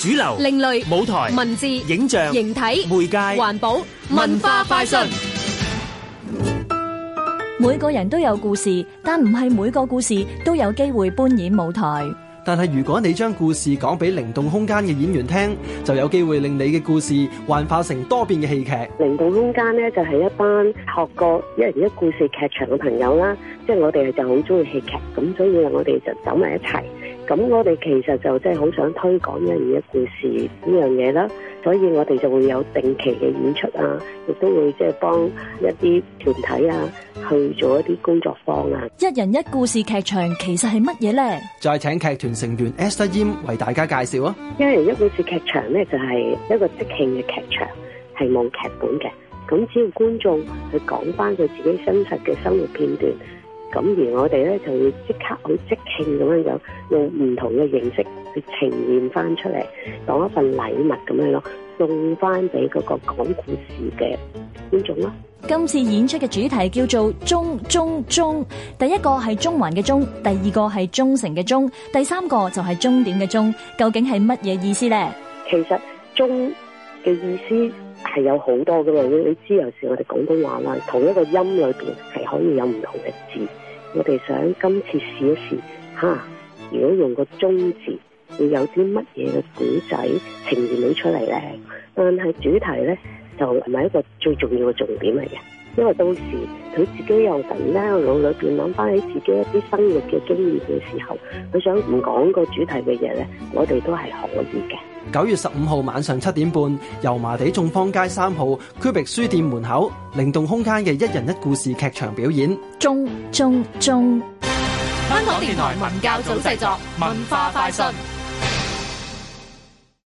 主流、另類舞台、文字、影像、形體、媒介、環保、文化快訊。每個人都有故事，但唔係每個故事都有機會搬演舞台。但係如果你將故事講俾靈動空間嘅演員聽，就有機會令你嘅故事幻化成多變嘅戲劇。靈動空間呢就係一班學過一人一故事劇場嘅朋友啦，即係我哋就好中意戲劇，咁所以我哋就走埋一齊。咁我哋其實就真係好想推廣一人一故事呢樣嘢啦，所以我哋就會有定期嘅演出啊，亦都會即係幫一啲團體啊去做一啲工作坊啊。一人一故事劇場其實係乜嘢呢？再請劇團成員 Esther Yam 為大家介紹啊！一人一故事劇場呢，就係一個即興嘅劇場，係冇劇本嘅，咁只要觀眾去講翻佢自己真實嘅生活片段。咁而我哋咧，就會即刻好即興咁樣有用唔同嘅形式去呈現翻出嚟，當一份禮物咁樣咯，送翻俾嗰個講故事嘅觀眾咯。今次演出嘅主題叫做「中中中」，第一個係中環嘅中」，第二個係中城」嘅中」，第三個就係終點嘅終，究竟係乜嘢意思咧？其實中」嘅意思。係有好多嘅，你你知有時我哋廣東話啦，同一個音裏邊係可以有唔同嘅字。我哋想今次試一試吓，如果用個中字，會有啲乜嘢嘅古仔呈現到出嚟咧？但係主題咧就唔係一個最重要嘅重點嚟嘅，因為到時佢自己又突然間腦裏邊諗翻起自己一啲生活嘅經驗嘅時候，佢想唔講個主題嘅嘢咧，我哋都係可以嘅。九月十五號晚上七點半，油麻地眾坊街三號區域書店門口，靈動空間嘅一人一故事劇場表演。中中中，香港 電台文教組製作 文化快訊。